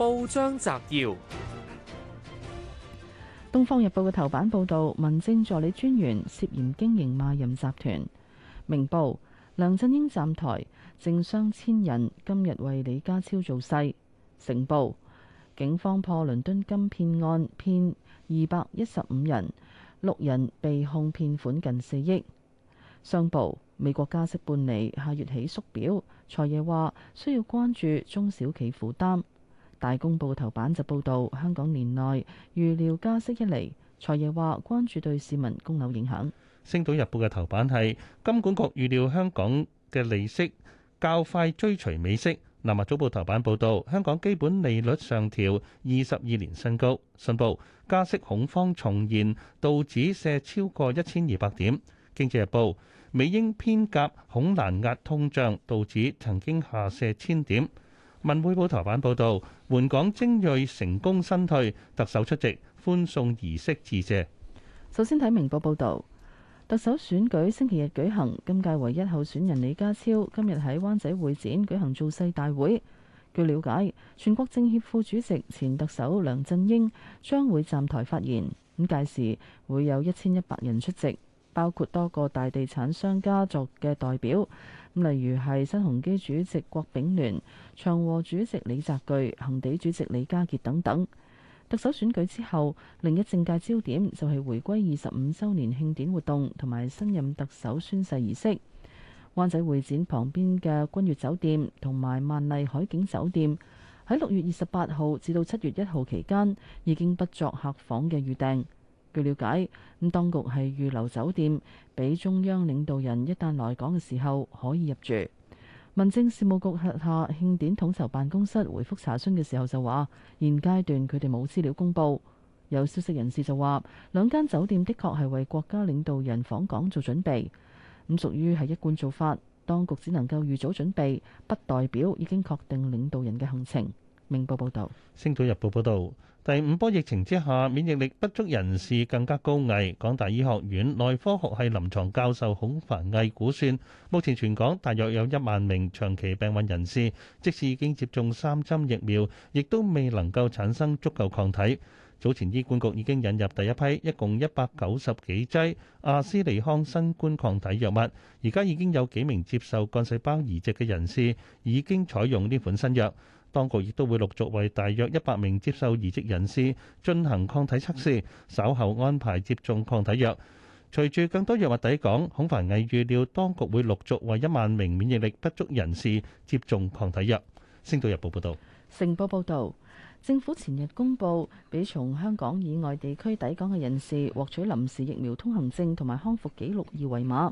報章摘要：《東方日報》嘅頭版報道，民政助理專員涉嫌經營賣淫集團。明報梁振英站台，政商千人今日為李家超造勢。成報警方破倫敦金騙案，騙二百一十五人，六人被控騙款近四億。商報美國加息半厘，下月起縮表。財爺話需要關注中小企負擔。大公報頭版就報導，香港年內預料加息一厘，財爺話關注對市民供樓影響。星島日報嘅頭版係，金管局預料香港嘅利息較快追隨美息。南華早報頭版報導，香港基本利率上調二十二年新高。信報，加息恐慌重現，道指瀉超過一千二百點。經濟日報，美英偏夾恐難壓通脹，道指曾經下瀉千點。文匯報頭版報導。援港精銳成功身退，特首出席歡送儀式致謝。首先睇明報報道，特首選舉星期日舉行，今屆唯一候選人李家超今日喺灣仔會展舉行造勢大會。據了解，全國政協副主席前特首梁振英將會站台發言，咁屆時會有一千一百人出席。包括多個大地產商家族嘅代表，例如係新鴻基主席郭炳聯、長和主席李澤鉅、恆地主席李家傑等等。特首選舉之後，另一政界焦點就係回歸二十五周年慶典活動同埋新任特首宣誓儀式。灣仔會展旁邊嘅君悦酒店同埋萬麗海景酒店，喺六月二十八號至到七月一號期間已經不作客房嘅預訂。據了解，咁當局係預留酒店，俾中央領導人一旦來港嘅時候可以入住。民政事務局轄下慶典統籌辦公室回覆查詢嘅時候就話，現階段佢哋冇資料公佈。有消息人士就話，兩間酒店的確係為國家領導人訪港做準備，咁屬於係一貫做法。當局只能夠預早準備，不代表已經確定領導人嘅行程。明報報導。《星島日報》報導，第五波疫情之下，免疫力不足人士更加高危。港大醫學院內科學系臨牀教授孔凡毅估算，目前全港大約有一萬名長期病患人士，即使已經接種三針疫苗，亦都未能夠產生足夠抗體。早前醫管局已經引入第一批，一共一百九十幾劑阿斯利康新冠抗體藥物，而家已經有幾名接受幹細胞移植嘅人士已經採用呢款新藥。當局亦都會陸續為大約一百名接受移植人士進行抗體測試，稍後安排接種抗體藥。隨住更多藥物抵港，孔凡毅預料當局會陸續為一萬名免疫力不足人士接種抗體藥。星島日報報道。成報報導。政府前日公布，俾從香港以外地區抵港嘅人士獲取臨時疫苗通行證同埋康復記錄二維碼。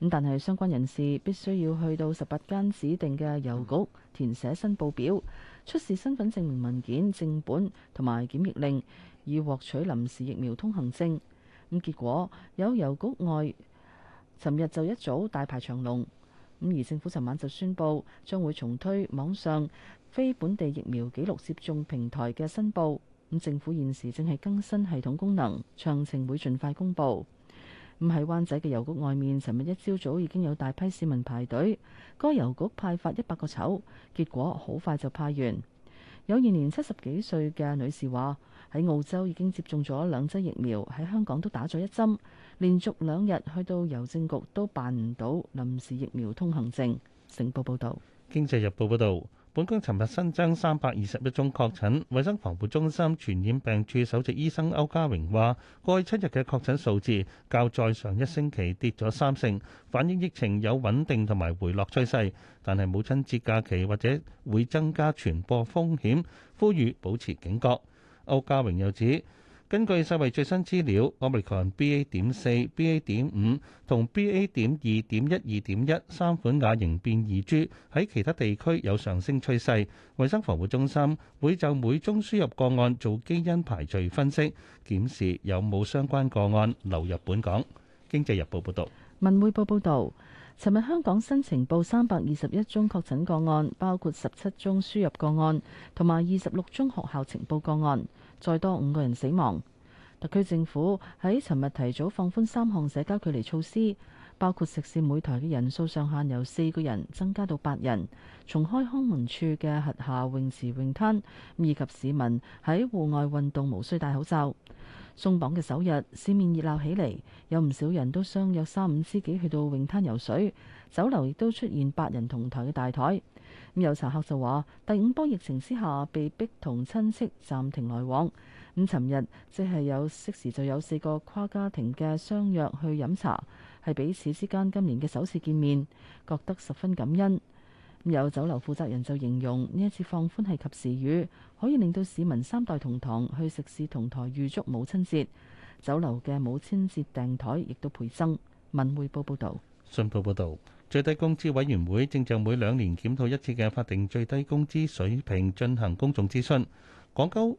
咁但係相關人士必須要去到十八間指定嘅郵局，填寫申報表，出示身份證明文件正本同埋檢疫令，以獲取臨時疫苗通行證。咁結果有郵局外，尋日就一早大排長龍。咁而政府尋晚就宣布，將會重推網上非本地疫苗記錄接種平台嘅申報。咁政府現時正係更新系統功能，詳情會盡快公佈。咁喺灣仔嘅郵局外面，尋日一朝早已經有大批市民排隊。該郵局派發一百個籌，結果好快就派完。有現年七十幾歲嘅女士話，喺澳洲已經接種咗兩劑疫苗，喺香港都打咗一針，連續兩日去到郵政局都辦唔到臨時疫苗通行證。成報報道：《經濟日報》報道，本港尋日新增三百二十一宗確診，衛生防護中心傳染病處首席醫生歐家榮話：過去七日嘅確診數字較在上一星期跌咗三成，反映疫情有穩定同埋回落趨勢，但係母親節假期或者會增加傳播風險，呼籲保持警覺。歐家榮又指，根據世衛最新資料，Omicron BA. 點四、BA. 點五同 BA. 點二點一、二點一三款亞型變異株喺其他地區有上升趨勢。衛生防護中心會就每宗輸入個案做基因排序分析，檢視有冇相關個案流入本港。經濟日報報道，文匯報報道。尋日香港新呈報三百二十一宗確診個案，包括十七宗輸入個案同埋二十六宗學校呈報個案，再多五個人死亡。特區政府喺尋日提早放寬三項社交距離措施，包括食肆每台嘅人數上限由四個人增加到八人，重開康文處嘅轄下泳池泳灘，以及市民喺戶外運動無需戴口罩。鬆綁嘅首日，市面熱鬧起嚟，有唔少人都相約三五知己去到泳灘游水，酒樓亦都出現八人同台嘅大台。咁有茶客就話，第五波疫情之下，被逼同親戚暫停來往。咁尋日即係有適時就有四個跨家庭嘅相約去飲茶，係彼此之間今年嘅首次見面，覺得十分感恩。有酒樓負責人就形容呢一次放寬係及時雨，可以令到市民三代同堂去食肆同台預祝母親節。酒樓嘅母親節訂台亦都倍增。文匯報報導。信報報導，最低工資委員會正就每兩年檢討一次嘅法定最低工資水平進行公眾諮詢。廣州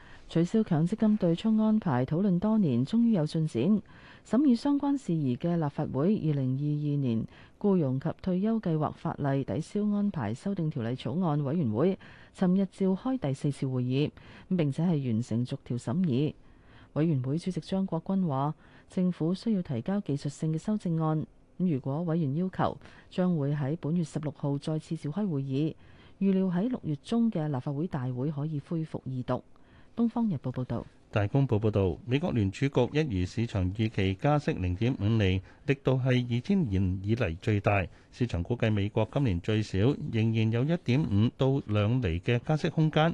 取消強積金對沖安排，討論多年，終於有進展。審議相關事宜嘅立法會二零二二年僱傭及退休計劃法例抵消安排修訂條例草案委員會，尋日召開第四次會議咁，並且係完成逐條審議。委員會主席張國鈞話，政府需要提交技術性嘅修正案，如果委員要求，將會喺本月十六號再次召開會議。預料喺六月中嘅立法會大會可以恢復二讀。《東方日報》報道。《大公報》報道，美國聯儲局一如市場預期加息零點五厘，力度係二千年以嚟最大。市場估計美國今年最少仍然有一點五到兩厘嘅加息空間。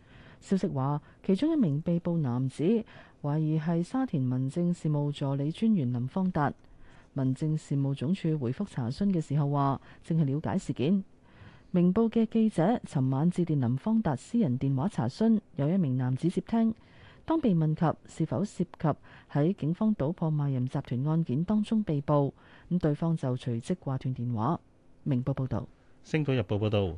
消息話，其中一名被捕男子懷疑係沙田民政事務助理專員林方達。民政事務總署回覆查詢嘅時候話，正係了解事件。明報嘅記者尋晚致電林方達私人電話查詢，有一名男子接聽。當被問及是否涉及喺警方搗破賣淫集團案件當中被捕，咁對方就隨即掛斷電話。明報報道。《星島日報》報道。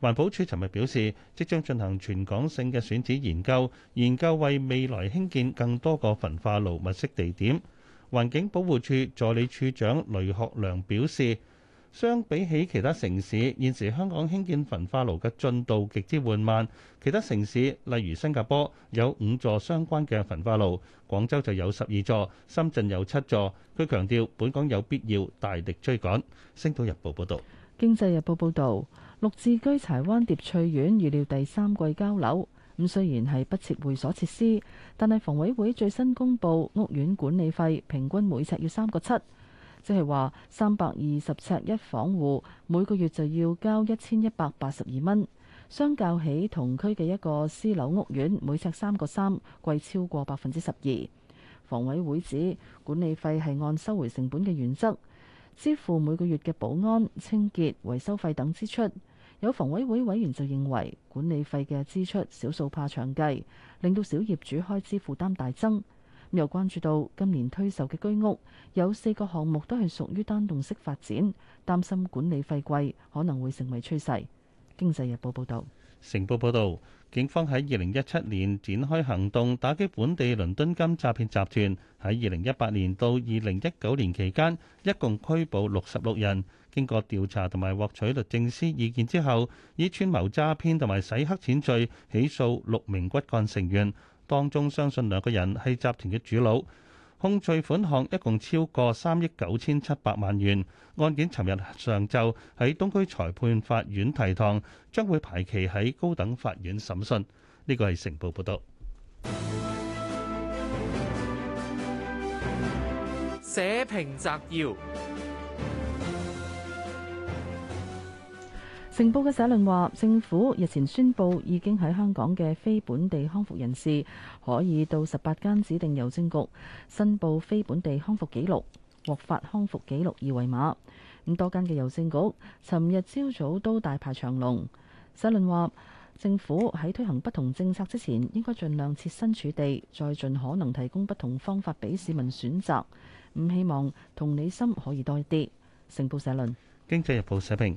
環保署尋日表示，即將進行全港性嘅選址研究，研究為未來興建更多個焚化爐物色地點。環境保護署助理處長雷學良表示，相比起其他城市，現時香港興建焚化爐嘅進度極之緩慢。其他城市例如新加坡有五座相關嘅焚化爐，廣州就有十二座，深圳有七座。佢強調，本港有必要大力追趕。星島日報報導，經濟日報報導。綠置居柴灣蝶翠苑預料第三季交樓，咁雖然係不設會所設施，但係房委會最新公布屋苑管理費平均每尺要三個七，即係話三百二十尺一房戶每個月就要交一千一百八十二蚊。相較起同區嘅一個私樓屋苑，每尺三個三，貴超過百分之十二。房委會指管理費係按收回成本嘅原則支付每個月嘅保安、清潔、維修費等支出。有房委會委員就認為，管理費嘅支出少數怕長計，令到小業主開支負擔大增。又關注到今年推售嘅居屋有四個項目都係屬於單棟式發展，擔心管理費貴可能會成為趨勢。經濟日報報導。成報報道，警方喺二零一七年展開行動，打擊本地倫敦金詐騙集團。喺二零一八年到二零一九年期間，一共拘捕六十六人。經過調查同埋獲取律政司意見之後，以串謀詐騙同埋洗黑錢罪起訴六名骨幹成員，當中相信兩個人係集團嘅主腦。控罪款項一共超過三億九千七百萬元，案件尋日上晝喺東區裁判法院提堂，將會排期喺高等法院審訊。呢個係成報報道。社評摘要。成報嘅社論話，政府日前宣布已經喺香港嘅非本地康復人士可以到十八間指定郵政局申報非本地康復記錄，獲發康復記錄二維碼。咁多間嘅郵政局，尋日朝早都大排長龍。社論話，政府喺推行不同政策之前，應該盡量設身處地，再盡可能提供不同方法俾市民選擇。唔希望同理心可以多一啲。成報社論，《經濟日報》社評。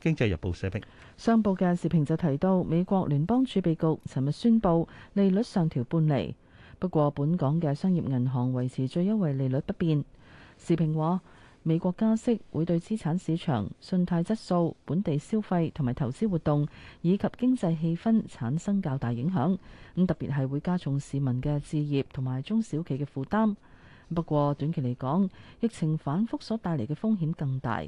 經濟日報社評、商報嘅時評就提到，美國聯邦儲備局尋日宣布利率上調半厘，不過本港嘅商業銀行維持最優惠利率不變。時評話，美國加息會對資產市場、信貸質素、本地消費同埋投資活動以及經濟氣氛產生較大影響，咁特別係會加重市民嘅置業同埋中小企嘅負擔。不過短期嚟講，疫情反覆所帶嚟嘅風險更大。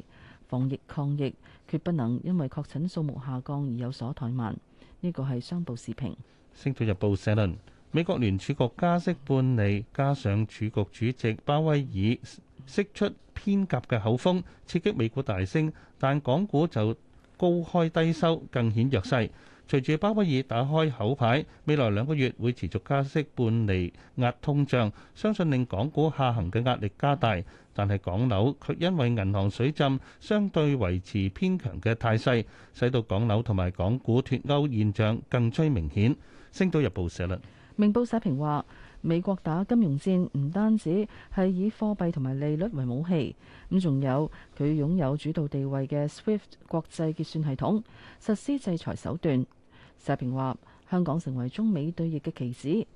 防疫抗疫，決不能因為確診數目下降而有所怠慢。呢、這個係商報視頻。星島日報社論：美國聯儲局加息半釐，加上儲局主席鮑威爾釋出偏鴿嘅口風，刺激美股大升，但港股就高開低收，更顯弱勢。隨住鮑威爾打開口牌，未來兩個月會持續加息半厘，壓通脹，相信令港股下行嘅壓力加大。但係港樓卻因為銀行水浸，相對維持偏強嘅態勢，使到港樓同埋港股脫鉤現象更趨明顯。星島日報社論。明報社評話：美國打金融戰唔單止係以貨幣同埋利率為武器，咁仲有佢擁有主導地位嘅 SWIFT 國際結算系統，實施制裁手段。社評話：香港成為中美對弈嘅棋子，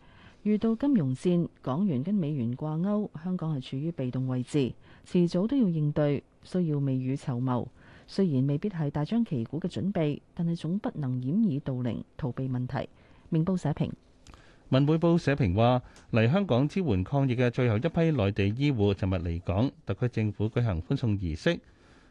遇到金融戰，港元跟美元掛鈎，香港係處於被動位置，遲早都要應對，需要未雨綢繆。雖然未必係大張旗鼓嘅準備，但係總不能掩耳盜鈴，逃避問題。明報社評，文匯報社評話：嚟香港支援抗疫嘅最後一批內地醫護，尋日離港，特區政府舉行歡送儀式。